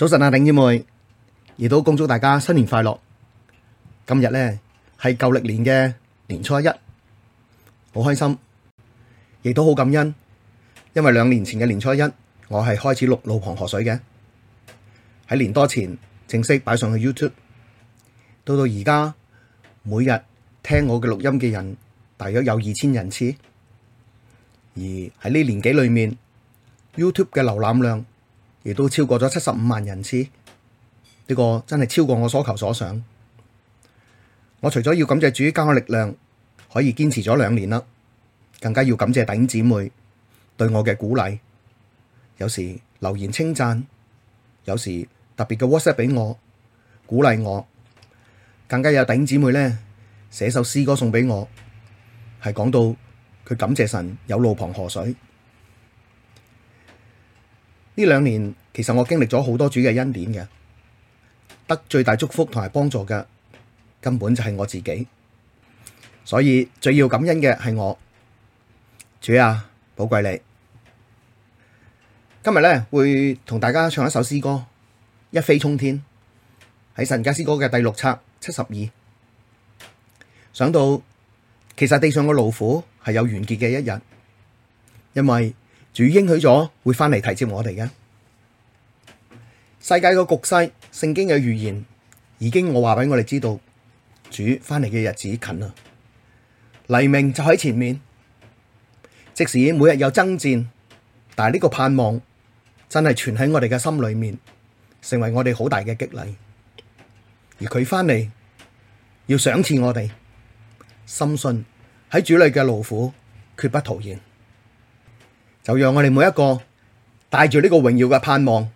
早晨啊，頂姐妹，亦都恭祝大家新年快樂。今日呢係舊曆年嘅年初一，好開心，亦都好感恩，因為兩年前嘅年初一，我係開始錄路旁河水嘅，喺年多前正式擺上去 YouTube，到到而家每日聽我嘅錄音嘅人大約有二千人次，而喺呢年幾裏面 YouTube 嘅瀏覽量。亦都超過咗七十五萬人次，呢、這個真係超過我所求所想。我除咗要感謝主加嘅力量，可以堅持咗兩年啦，更加要感謝弟兄姊妹對我嘅鼓勵。有時留言稱讚，有時特別嘅 WhatsApp 俾我鼓勵我，更加有弟兄姊妹咧寫首詩歌送俾我，係講到佢感謝神有路旁河水。呢兩年其實我經歷咗好多主嘅恩典嘅，得最大祝福同埋幫助嘅根本就係我自己，所以最要感恩嘅係我。主啊，寶貴你！今日呢，會同大家唱一首詩歌《一飛沖天》，喺神家詩歌嘅第六冊七十二。想到其實地上嘅勞苦係有完結嘅一日，因為。主應許咗會翻嚟提接我哋嘅，世界個局勢，聖經嘅預言已經我話俾我哋知道，主翻嚟嘅日子近啦，黎明就喺前面。即使每日有爭戰，但係呢個盼望真係存喺我哋嘅心裏面，成為我哋好大嘅激勵。而佢翻嚟要賞賜我哋，深信喺主裏嘅勞苦，絕不徒然。就讓我哋每一個帶住呢個榮耀嘅盼望，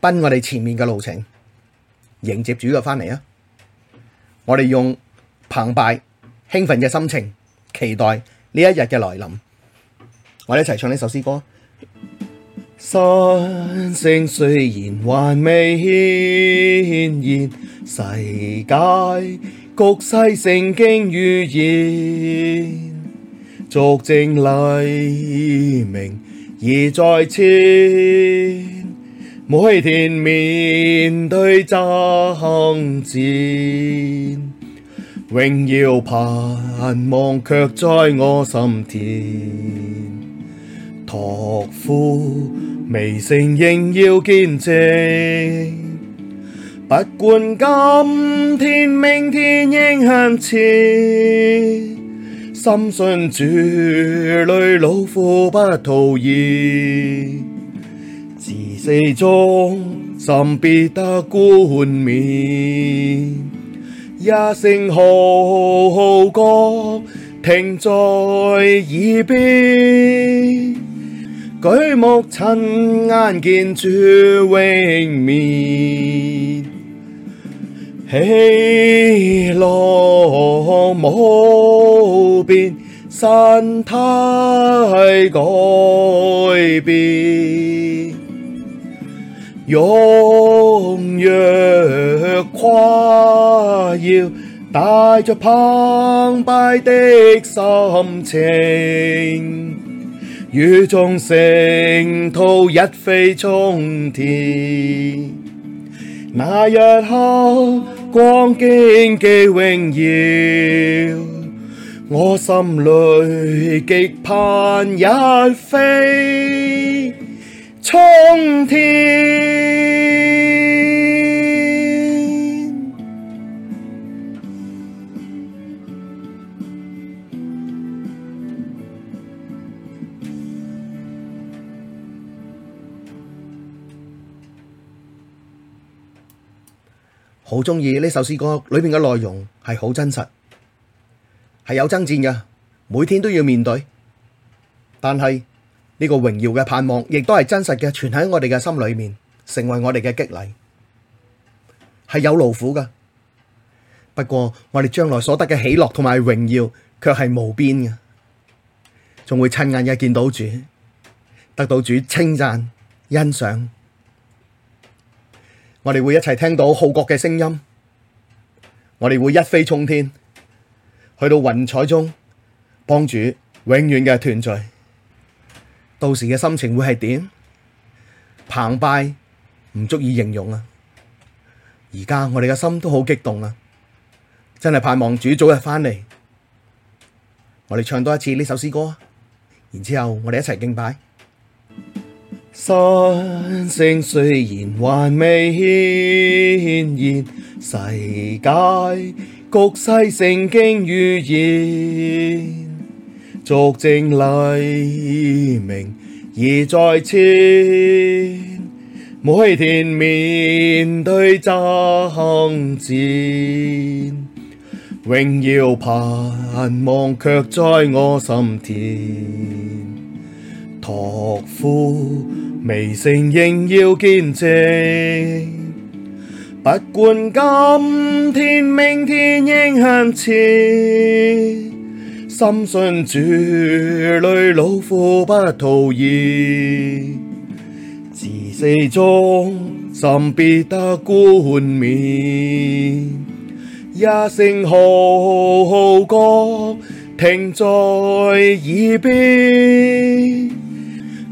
奔我哋前面嘅路程，迎接主嘅翻嚟啊！我哋用澎湃、興奮嘅心情，期待呢一日嘅來臨。我哋一齊唱呢首詩歌。晨星雖然還未顯現，世界局勢，聖經預言。足證黎明已在前，每天面對爭戰，榮耀盼，盼望卻在我心田。託付未成仍要堅貞，不管今天，明天仍向前。深信主，裡勞苦不徒然，至死忠心必得冠冕，一聲號角聽在耳邊，舉目親眼見主榮面。喜樂無邊，身體改變，踴躍誇耀，帶着澎湃的心情，與眾聖徒一飛沖天，那一刻，光景嘅榮耀，我心裏極盼一飛沖天。好中意呢首詩歌裏面嘅內容，係好真實，係有爭戰嘅，每天都要面對。但係呢個榮耀嘅盼望，亦都係真實嘅，存喺我哋嘅心裏面，成為我哋嘅激勵。係有勞苦嘅，不過我哋將來所得嘅喜樂同埋榮耀，卻係無邊嘅，仲會親眼嘅見到主，得到主稱讚欣賞。我哋會一齊聽到號角嘅聲音，我哋會一飛沖天，去到雲彩中，幫主永遠嘅團聚，到時嘅心情會係點？澎湃唔足以形容啊！而家我哋嘅心都好激動啊！真係盼望主早日翻嚟，我哋唱多一次呢首詩歌，然之後我哋一齊敬拜。.晨星雖然還未顯現，世界局勢，聖經預言：「足證黎明已在前，每天面對爭戰，榮耀盼，盼望卻在我心田，託付未成仍要堅貞，不管今天，明天仍向前，深信主裏勞苦不徒然，至死忠心，必得冠冕，一聲號角聽在耳邊。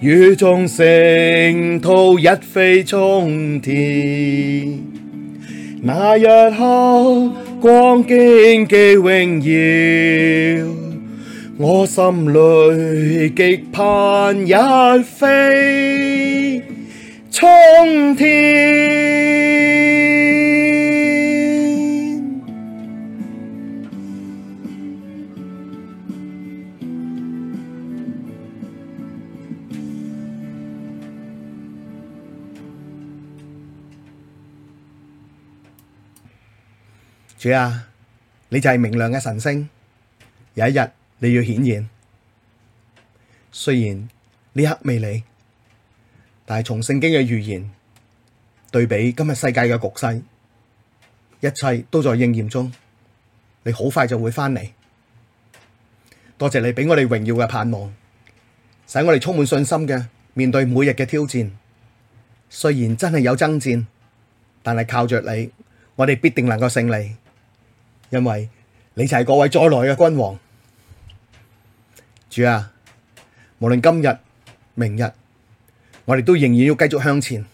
與眾聖徒一飛沖天，那一刻光景極榮耀，我心裏極盼一飛沖天。主啊，你就係明亮嘅晨星，有一日你要顯現。雖然呢刻未嚟，但係從聖經嘅預言對比今日世界嘅局勢，一切都在應驗中。你好快就會翻嚟。多謝你俾我哋榮耀嘅盼望，使我哋充滿信心嘅面對每日嘅挑戰。雖然真係有爭戰，但係靠着你，我哋必定能夠勝利。因為你就係嗰位再來嘅君王，主啊，無論今日、明日，我哋都仍然要繼續向前，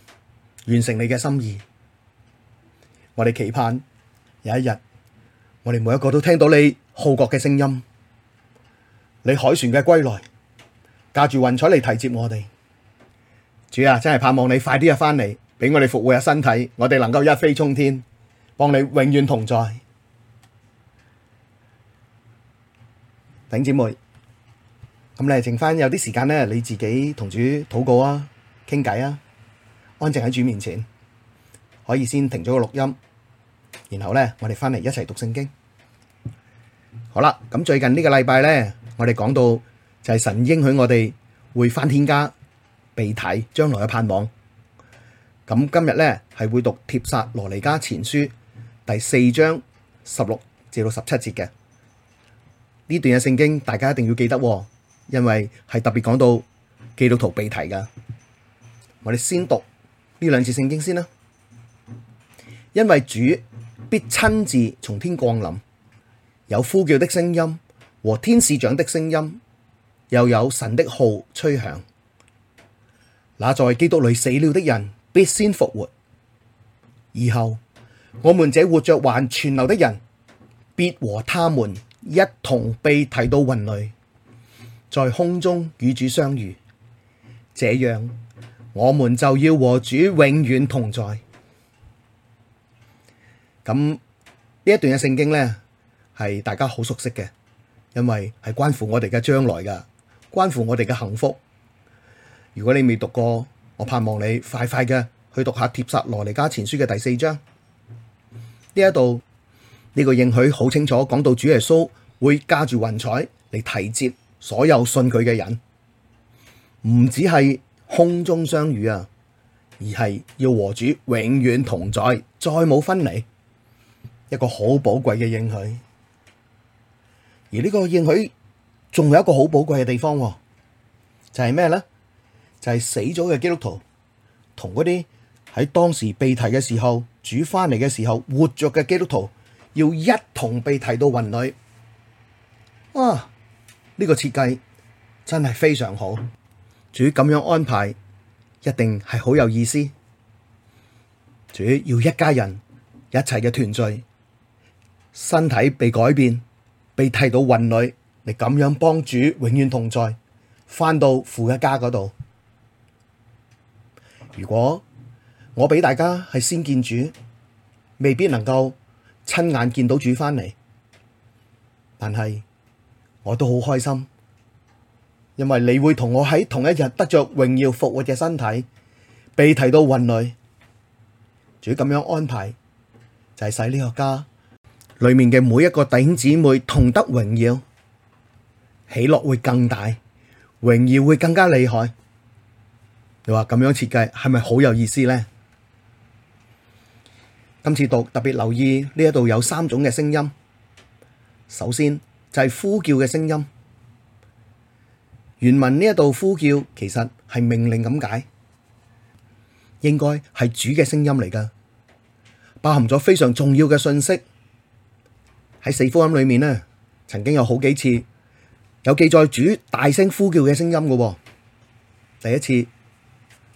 完成你嘅心意。我哋期盼有一日，我哋每一個都聽到你號角嘅聲音，你海船嘅歸來，駕住雲彩嚟提接我哋。主啊，真係盼望你快啲啊翻嚟，俾我哋復活下身體，我哋能夠一飛沖天，幫你永遠同在。弟兄姊妹，咁你係剩翻有啲時間咧，你自己同主禱告啊、傾偈啊，安靜喺主面前，可以先停咗個錄音，然後咧我哋翻嚟一齊讀聖經。好啦，咁最近個呢個禮拜咧，我哋講到就係神應許我哋會翻天家、被提、將來嘅盼望。咁今日咧係會讀帖撒羅尼加前書第四章十六至到十七節嘅。呢段嘅聖經大家一定要記得，因為係特別講到基督徒被提嘅。我哋先讀呢兩次聖經先啦，因為主必親自從天降臨，有呼叫的聲音和天使長的聲音，又有神的號吹響。那在基督裡死了的人必先復活，以後我們這活着還存留的人，必和他們。一同被提到雲裡，在空中與主相遇，這樣我們就要和主永遠同在。咁呢一段嘅聖經呢，係大家好熟悉嘅，因為係關乎我哋嘅將來噶，關乎我哋嘅幸福。如果你未讀過，我盼望你快快嘅去讀下帖撒羅尼迦前書嘅第四章。呢一度。呢個應許好清楚，講到主耶穌會加住雲彩嚟提接所有信佢嘅人，唔止係空中相遇啊，而係要和主永遠同在，再冇分離。一個好寶貴嘅應許，而呢個應許仲有一個好寶貴嘅地方，就係咩呢？就係死咗嘅基督徒同嗰啲喺當時被提嘅時候，主翻嚟嘅時候活着嘅基督徒。要一同被提到雲裏，啊！呢個設計真係非常好。主咁樣安排，一定係好有意思。主要一家人一齊嘅團聚，身體被改變，被提到雲裏，你咁樣幫主永遠同在，翻到父一家嗰度。如果我俾大家係先見主，未必能夠。親眼見到主翻嚟，但係我都好開心，因為你會同我喺同一日得着榮耀復活嘅身體，被提到雲裏。主咁樣安排，就係使呢個家裏面嘅每一個弟兄姊妹同得榮耀，喜樂會更大，榮耀會更加厲害。你話咁樣設計係咪好有意思呢？今次讀特別留意呢一度有三種嘅聲音。首先就係呼叫嘅聲音。原文呢一度呼叫其實係命令咁解，應該係主嘅聲音嚟噶，包含咗非常重要嘅信息。喺四福音裏面咧，曾經有好幾次有記載主大聲呼叫嘅聲音噶。第一次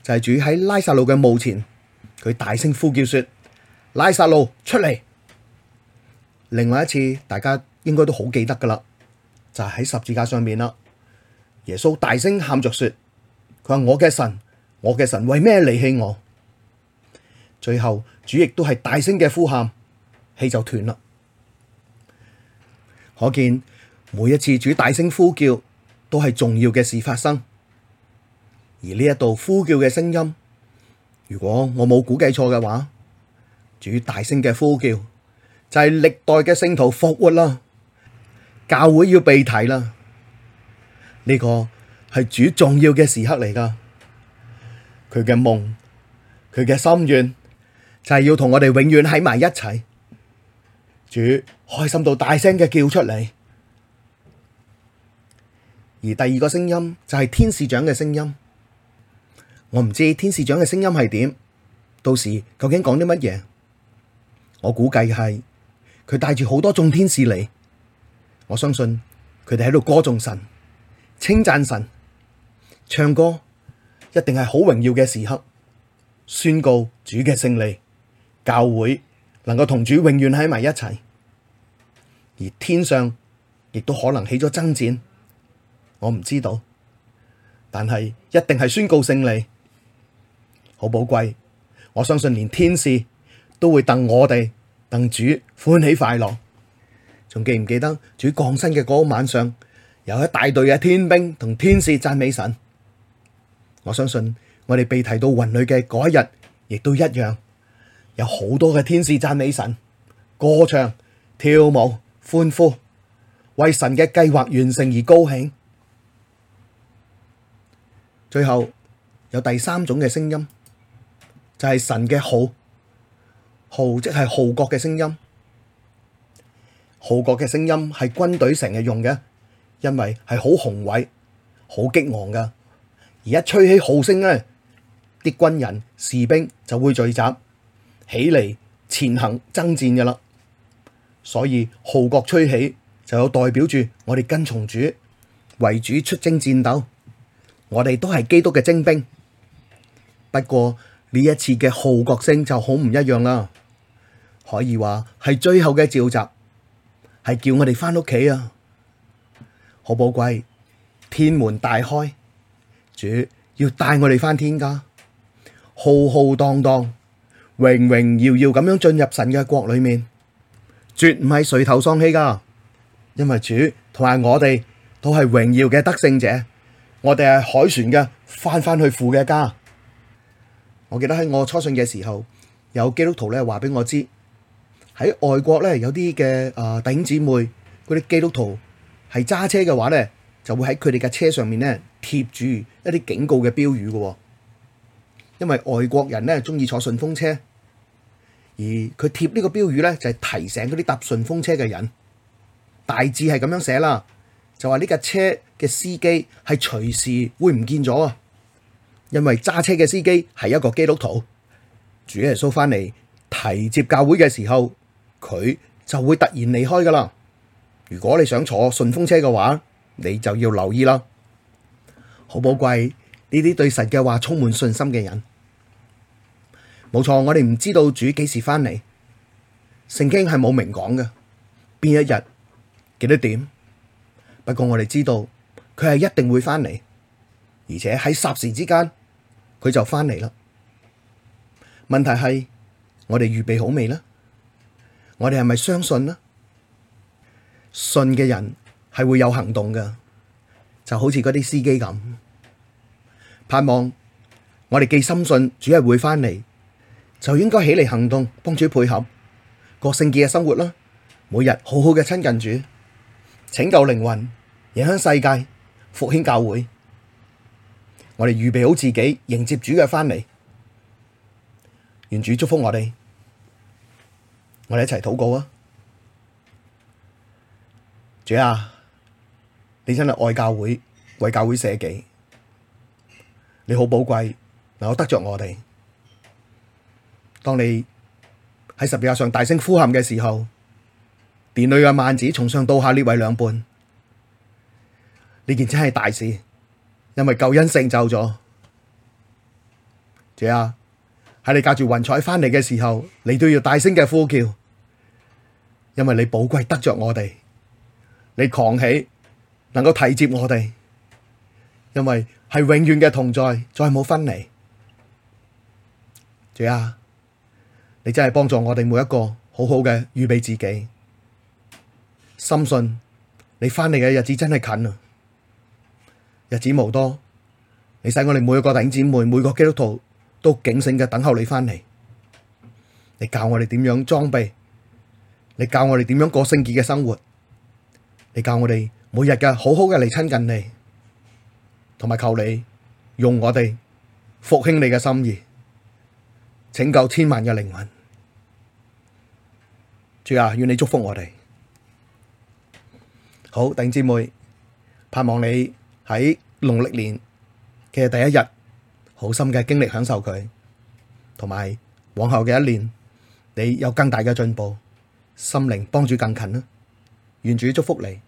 就係主喺拉撒路嘅墓前，佢大聲呼叫說。拉撒路出嚟。另外一次，大家應該都好記得噶啦，就係、是、喺十字架上面啦。耶穌大聲喊着說，佢話我嘅神，我嘅神為咩離棄我？最後主亦都係大聲嘅呼喊，氣就斷啦。可見每一次主大聲呼叫，都係重要嘅事發生。而呢一度呼叫嘅聲音，如果我冇估計錯嘅話，主大聲嘅呼叫就係歷代嘅聖徒復活啦，教會要被提啦，呢個係主重要嘅時刻嚟噶，佢嘅夢，佢嘅心願就係要同我哋永遠喺埋一齊，主開心到大聲嘅叫出嚟，而第二個聲音就係天使長嘅聲音，我唔知天使長嘅聲音係點，到時究竟講啲乜嘢？我估計係佢帶住好多眾天使嚟，我相信佢哋喺度歌頌神、稱讚神、唱歌，一定係好榮耀嘅時刻，宣告主嘅勝利，教會能夠同主永遠喺埋一齊，而天上亦都可能起咗爭戰，我唔知道，但係一定係宣告勝利，好寶貴，我相信連天使，都會等我哋等主歡喜快樂，仲記唔記得主降生嘅嗰晚上，有一大隊嘅天兵同天使讚美神。我相信我哋被提到雲裏嘅嗰一日，亦都一樣有好多嘅天使讚美神，歌唱跳舞歡呼，為神嘅計劃完成而高興。最後有第三種嘅聲音，就係神嘅號。號即係號角嘅聲音，號角嘅聲音係軍隊成日用嘅，因為係好宏偉、好激昂嘅。而一吹起號聲咧，啲軍人士兵就會聚集起嚟前行爭戰嘅啦。所以號角吹起就有代表住我哋跟從主為主出征戰鬥，我哋都係基督嘅精兵。不過，呢一次嘅號角聲就好唔一樣啦，可以話係最後嘅召集，係叫我哋翻屋企啊！好寶貴，天門大開，主要帶我哋翻天家，浩浩蕩蕩，榮榮耀耀咁樣進入神嘅國裡面，絕唔係垂頭喪氣噶，因為主同埋我哋都係榮耀嘅得勝者，我哋係凱旋嘅，翻翻去父嘅家。我記得喺我初信嘅時候，有基督徒咧話俾我知，喺外國咧有啲嘅啊弟兄姊妹嗰啲基督徒係揸車嘅話咧，就會喺佢哋架車上面咧貼住一啲警告嘅標語嘅，因為外國人咧中意坐順風車，而佢貼呢個標語咧就係提醒嗰啲搭順風車嘅人，大致係咁樣寫啦，就話呢架車嘅司機係隨時會唔見咗啊。因為揸車嘅司機係一個基督徒，主耶穌翻嚟提接教會嘅時候，佢就會突然離開噶啦。如果你想坐順風車嘅話，你就要留意啦。好寶貴，呢啲對神嘅話充滿信心嘅人，冇錯。我哋唔知道主幾時翻嚟，聖經係冇明講嘅，邊一日幾多點。不過我哋知道佢係一定會翻嚟。而且喺霎時之間，佢就翻嚟啦。問題係我哋預備好未呢？我哋係咪相信呢？信嘅人係會有行動嘅，就好似嗰啲司機咁。盼望我哋既深信主係會翻嚟，就應該起嚟行動，幫主配合過聖潔嘅生活啦。每日好好嘅親近主，拯救靈魂，影響世界，復興教會。我哋預備好自己迎接主嘅翻嚟。願主祝福我哋，我哋一齊禱告啊！主啊，你真係愛教會、為教會捨己，你好寶貴，能夠得着我哋。當你喺十字架上大聲呼喊嘅時候，殿裏嘅幔子從上到下裂為兩半，呢件真係大事。因為救恩成就咗。主啊，喺你駕住雲彩翻嚟嘅時候，你都要大聲嘅呼叫，因為你寶貴得着我哋，你狂起，能夠提接我哋，因為係永遠嘅同在，再冇分離。主啊，你真係幫助我哋每一個，好好嘅預備自己，深信你翻嚟嘅日子真係近啦。日子無多，你使我哋每個弟兄姊妹、每個基督徒都警醒嘅等候你翻嚟。你教我哋點樣裝備，你教我哋點樣過聖潔嘅生活，你教我哋每日嘅好好嘅嚟親近你，同埋求你用我哋復興你嘅心意，拯救千萬嘅靈魂。主啊，願你祝福我哋。好，弟兄姊妹，盼望你，喺農曆年嘅第一日，好深嘅經歷，享受佢，同埋往後嘅一年，你有更大嘅進步，心靈幫主更近啦，願主祝福你。